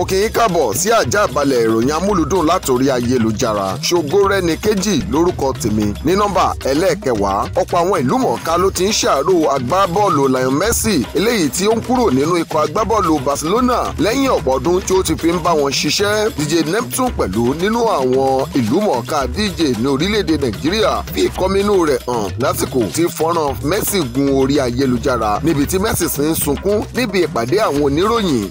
mo kì í kàbọ̀ sí àjà àbálẹ̀ ìròyìn amúlùdùn látòrí ayélujára ṣògo rẹni kejì lórúkọ tèmi ní nọ́mbà ẹlẹ́ẹ̀kẹwàá ọ̀pọ̀ àwọn ìlú mọ̀ọ́ká ló ti ń ṣàárò agbábọ́ọ̀lù Lionel Messi eléyìí tí ó ń kúrò nínú ikọ̀ agbábọ́ọ̀lù Barcelona lẹ́yìn ọ̀pọ̀ ọdún tí ó ti fi ń bá wọn ṣiṣẹ́ DJ Neptune pẹ̀lú nínú àwọn ìlú mọ̀ọ́ká DJ ní orílẹ̀-èdè fi ìkọ́minú rẹ̀ hàn lásìkò tí fọ́nrán Messi gun orí ayélujára níbi tí Messi sì ń sunkún níbi ìpàdé àwọn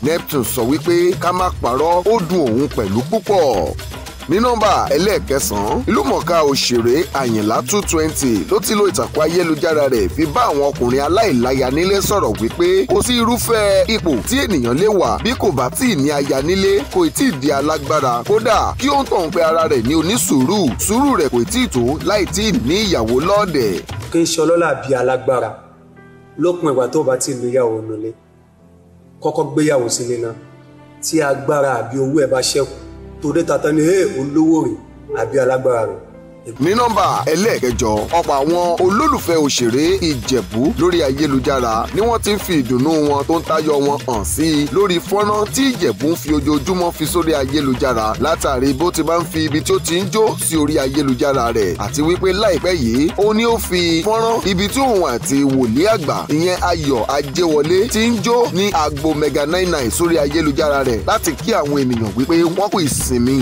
Neptune sọ wípé ká má parọ́ ó dùn òun pẹ̀lú púpọ̀ ní nọ́mbà ẹlẹ́ẹ̀kẹsàn-án ìlúmọ̀ọ́ká òṣèré àyìnlá two twenty ló ti lo ìtàkùn ayélujára rẹ̀ fi bá àwọn ọkùnrin aláìláya nílé sọ̀rọ̀ wípé kò sí irúfẹ́ ipò tí ènìyàn lè wà bí kò bá tíì ní aya nílé kò tíì di alágbára kódà kí ó ń tàn pé ara rẹ̀ ní onísùúrù sùúrù rẹ̀ kò tíì tó láì tíì ní ìyàwó lọ́ọ̀dẹ̀. kí n ṣe ọlọ́lá bíi alágbára lópin ìgbà tó bá ti lu ìyàwó tí agbára àbí owó ẹ bá ṣẹ́kù tó dé tata ni olówó rẹ̀ àbí alágbára rẹ̀ ní nọ́mbà ẹlẹ́ẹ̀kẹjọ ọ̀pọ̀ àwọn olólùfẹ́ òṣèré ìjẹ̀bú lórí ayélujára ni wọ́n ti ń fi ìdùnnú wọn tó ń tayọ wọn hàn sí i lórí fọ́nrán tí ìjẹ̀bú ń fi ojoojúmọ́ fi sórí ayélujára látàrí bó ti máa ń fi ibi tí ó ti ń jó sí orí ayélujára rẹ̀ àti wípé láìpẹ́ yìí ó ní ó fi fọ́nrán ibi tí òun àti wòlíì àgbà ìyẹn ayọ̀ ajéwọlé ti ń jó ní agbo mega nine nine sórí ayélujára rẹ̀ láti kí àwọn ènìyàn wípé wọ́n kú ìsinmi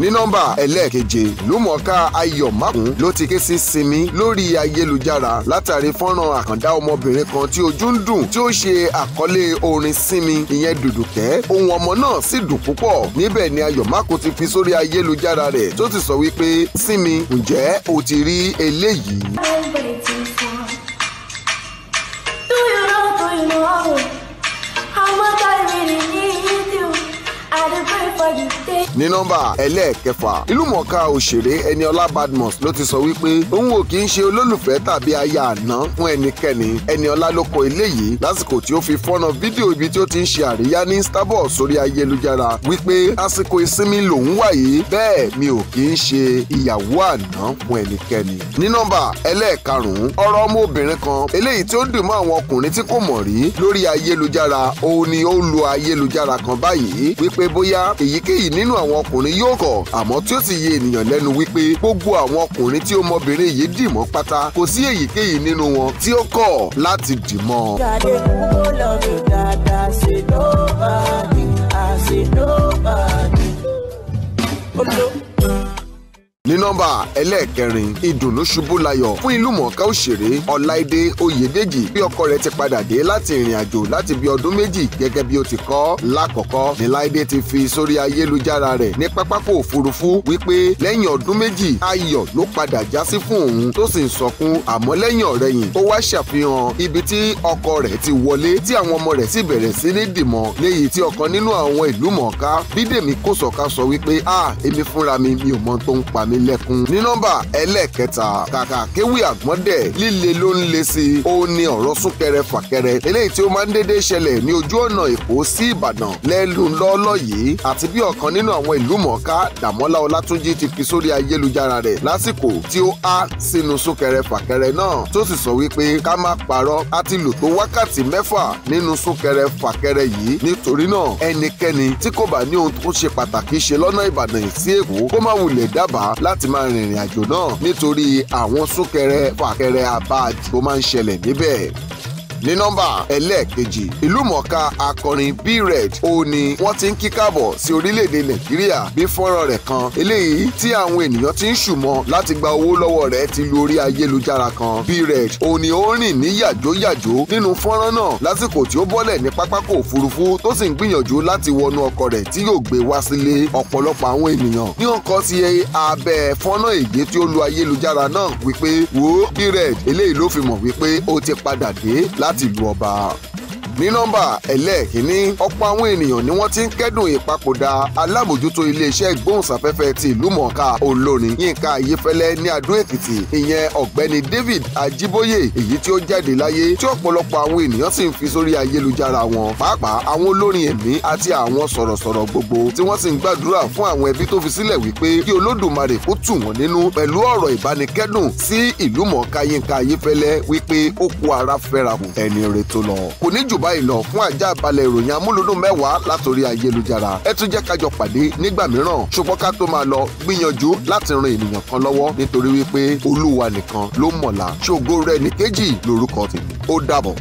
ní nọ́mbà ẹlẹ́ẹ̀keje ìlúmọ̀ọ́ká ayọ̀ mákùn ló ti ké sí sinmi lórí ayélujára látàrí fọ́nrán àkàndá ọmọbìnrin kan tí ojú ń dùn tí ó ṣe àkọlé orin sinmi ìyẹn dùdùkẹ́ ohun ọmọ náà sì dùn púpọ̀ níbẹ̀ ni ayọ̀ mákùn ti fi sórí ayélujára rẹ̀ tó ti sọ wípé sinmi ǹjẹ́ o ti rí eléyìí. ní nọ́mbà ẹlẹ́ẹ̀kẹfà ìlúmọ̀ọ́ká òṣèré eniola Badmus ló ti sọ wípé òun ò kì í ṣe olólùfẹ́ tàbí aya àná fún ẹnikẹ́ni Ẹniọlá ló kọ eléyìí lásìkò tí ó fi fọ́nà fídíò ibi tí ó ti ń ṣe àríyá ní starbucks sórí ayélujára wípé àsìkò ìsinmi lòun wà yìí bẹ́ẹ̀ mi ò kì í ṣe ìyàwó àná fún ẹnikẹ́ni. ní nọ́mbà ẹlẹ́ẹ̀karùn-ún ọ̀rọ̀ ọmọbìnrin kan eléyìí tí ó dùn ni ó lo ayélujára kan báyìí wípé bóyá èyíkéyìí àwọn ọkùnrin yóò kọ̀ àmọ́ tí ó sì yé ènìyàn lẹ́nu wípé gbogbo àwọn ọkùnrin tí ọmọbìnrin yìí dì pátá kò sí èyíkéyìí nínú wọn tí ó kọ̀ láti dì mọ́. jáde kúkú lọ mi dáadáa ṣe nobody àṣe nobody nọ́mbà ẹlẹ́ẹ̀kẹrin ìdùnnú ṣubú layọ̀ fún ìlú mọ̀ọ́ká òṣèré ọláìdé oyèdèjì bí ọkọ rẹ̀ ti padà dé láti ìrìn àjò láti bí ọdún méjì gẹ́gẹ́ bí ó ti kọ́ lákọ̀ọ́kọ́ ní láìdé ti fi sórí ayélujára rẹ̀ ní pápákọ̀ òfurufú wípé lẹ́yìn ọdún méjì ayọ̀ ló padà já sí fún òun tó sì ń sọkún àmọ́ lẹ́yìn ọ̀rẹ́yìn ó wá ṣàfihàn ibi tí ọkọ rẹ̀ ti wọlé tí àwọn ọmọ rẹ̀ sì bẹ̀rẹ̀ sí ní dìmọ̀ léyìí tí ọ̀kan nínú àwọn ìlú mọ̀ọ́ká bídèmí kòsọ̀ká sọ wípé ah, mi mi ò ẹkún ní nọ́mbà ẹlẹ́ẹ̀kẹta kàkà kéwì àgbọ́ndẹ̀ líle ló ń le sí i ó ní ọ̀rọ̀ súnkẹrẹ fàkẹrẹ eléyìí tí ó máa ń dédé ṣẹlẹ̀ ní ojú ọ̀nà èkó sí ìbàdàn lẹ́nu lọ́ọ́lọ́ yìí àti bí ọ̀kan nínú àwọn ìlú mọ̀ọ́ká dàmọ́lá ọlátúnjì ti fi sórí ayélujára rẹ̀ lásìkò tí ó há sínú súnkẹrẹ fàkẹrẹ náà tó sì sọ wípé ká má parọ́ a ti lò tó wákàtí mẹ́fà nínú súnkẹrẹ fàkẹrẹ yìí nítorí náà ẹnikẹ́ni tí kò bá ní ohun tó ṣe pàtàkì ṣe lọ́nà ìbàdàn sí máa rìnrìn àjò náà nítorí àwọn súnkẹrẹ fàkẹrẹ abáàjì tó máa ń ṣẹlẹ̀ níbẹ̀ ní nọ́mbà ẹlẹ́ẹ̀kejì ìlúmọ̀ọ́ká akọrin B-Red ó ní wọ́n ti ń kí káàbọ̀ sí orílẹ̀-èdè Nàìjíríà bí fọ́nrán rẹ̀ kan eléyìí tí àwọn ènìyàn ti ń ṣùmọ̀ láti gba owó lọ́wọ́ rẹ̀ ti lu orí ayélujára kan B-Red ó ní ó rìn ní yàjóyàjó nínú fọ́nrán náà lásìkò tí ó bọ́lẹ̀ ní pápákọ̀ òfurufú tó sì ń gbìyànjú láti wọnú ọkọ̀ rẹ̀ tí yóò gbé wá sílé ọ̀pọ̀lọpọ̀ àwọn ènìyàn ní ọkọ̀ sí abẹ́ fọ́nrán èdè tí ó lu ayélujára náà wípé wo B-Red eléyìí ló fi mọ̀ wípé ó ti padà dé lá láti lu ọba ní nọ́mbà ẹlẹ́ẹ̀kínní ọ̀pọ̀ àwọn ènìyàn ni wọ́n ti ń kẹ́dùn ìpapòdà alábòjútó iléeṣẹ́ ìgbóhùnsáfẹ́fẹ́ ti ìlú mọ̀ọ́ká olórin yínká ayéfẹ́lẹ́ ní adó èkìtì ìyẹn ọ̀gbẹ́ni david ajíbóyè èyí tí ó jáde láyé tí ọ̀pọ̀lọpọ̀ àwọn ènìyàn sì ń fi sórí ayélujára wọn pàápàá àwọn olórin ẹ̀mí àti àwọn sọ̀rọ̀sọ̀rọ̀ gbogbo tí wọ́n sì ń gbàdúrà fún àwọn ẹbí tó fi sílẹ̀ wípé kí olódùmarè kó tù wọ́n nínú pẹ̀lú ọ̀rọ̀ ìbánikẹ́dùn sí ìlú mọ̀ọ́ká yínká ayéfẹ́lẹ́ wípé ó ara fẹ́ra kù ẹni rẹ̀ tó lọ báyìí lọ fún àjà balẹ̀ ìròyìn amúlùdùn mẹ́wàá látòrí ayélujára ẹ tún jẹ́ kájọ pàdé nígbà mìíràn ṣùgbọ́n ká tó máa lọ gbìyànjú láti ran ènìyàn kan lọ́wọ́ nítorí wípé olúwa nìkan ló mọ̀la ṣògo rẹ̀ ní kéjì lórúkọ tèmi ó dàbọ̀.